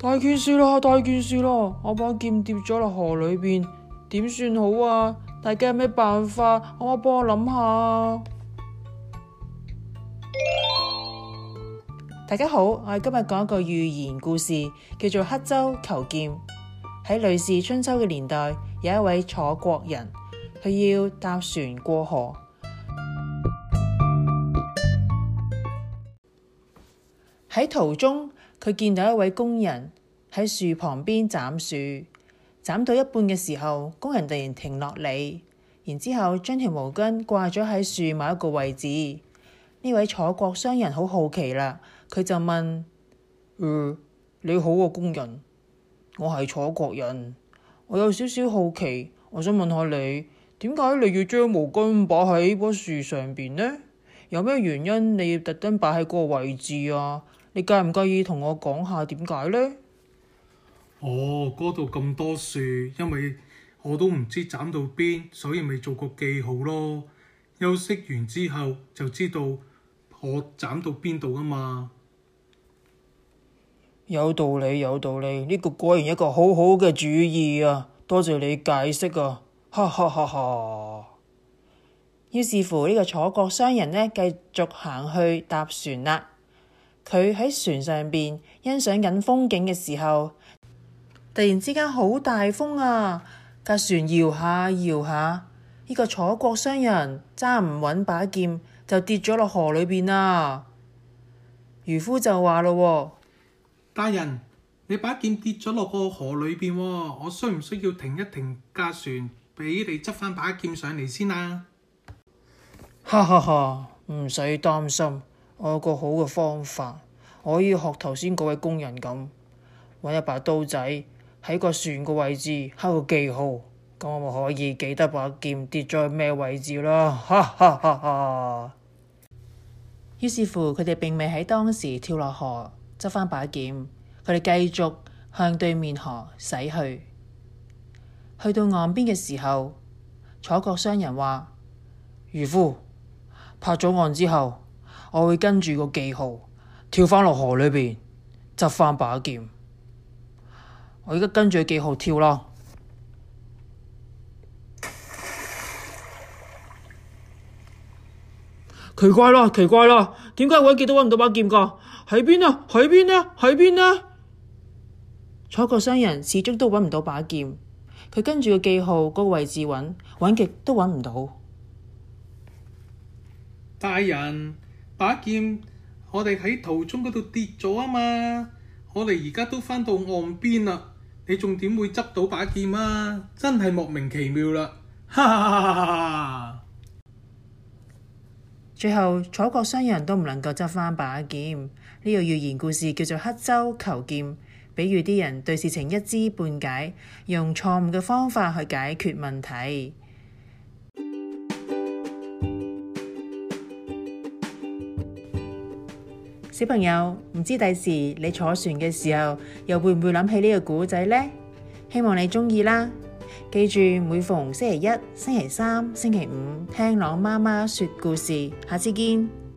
大件事啦，大件事啦！我把劍跌咗落河裏邊，點算好啊？大家有咩辦法？可唔可以幫我諗下？大家好，我哋今日講一個寓言故事，叫做《刻舟求劍》。喺呂氏春秋嘅年代，有一位楚國人，佢要搭船過河。喺途中，佢見到一位工人。喺樹旁邊斬樹，斬到一半嘅時候，工人突然停落嚟，然之後將條毛巾掛咗喺樹某一個位置。呢位楚國商人好好奇啦，佢就問，嗯，你好啊，工人，我係楚國人，我有少少好奇，我想問下你，點解你要將毛巾擺喺棵樹上邊呢？有咩原因你要特登擺喺嗰個位置啊？你介唔介意同我講下點解呢？哦，嗰度咁多樹，因為我都唔知斬到邊，所以咪做個記號咯。休息完之後就知道我斬到邊度啊嘛。有道理，有道理，呢個果然一個好好嘅主意啊！多謝你解釋啊，哈哈哈哈。於是乎呢個楚國商人呢，繼續行去搭船啦。佢喺船上邊欣賞緊風景嘅時候。突然之間好大風啊！架船搖下搖下，呢、這個楚國商人揸唔穩把劍就跌咗落河裏邊啦。漁夫就話咯、哦：大人，你把劍跌咗落個河裏邊、哦，我需唔需要停一停架船，畀你執翻把劍上嚟先啊？哈哈哈，唔使擔心，我有個好嘅方法，我要學頭先嗰位工人咁，搵一把刀仔。喺個船個位置刻個記號，咁我咪可以記得把劍跌咗喺咩位置啦。哈哈哈哈。於是乎，佢哋並未喺當時跳落河執返把劍，佢哋繼續向對面河駛去。去到岸邊嘅時候，楚國商人話：漁夫，拍咗岸之後，我會跟住個記號跳返落河裏邊執返把劍。我而家跟住個記號跳咯，奇怪啦，奇怪啦，點解搵極都搵唔到把劍噶？喺邊啊？喺邊啊？喺邊啊？楚國商人始終都搵唔到把劍，佢跟住個記號嗰個位置搵，搵極都搵唔到。大人，把劍我哋喺途中嗰度跌咗啊嘛，我哋而家都翻到岸邊啦。你仲點會執到把劍啊？真係莫名其妙啦！哈哈哈哈哈！最後楚國商人都唔能夠執翻把劍。呢、這個寓言故事叫做刻舟求劍，比喻啲人對事情一知半解，用錯誤嘅方法去解決問題。小朋友，唔知第時你坐船嘅時候，又會唔會諗起個故呢個古仔咧？希望你中意啦！記住每逢星期一、星期三、星期五聽朗媽媽說故事，下次見。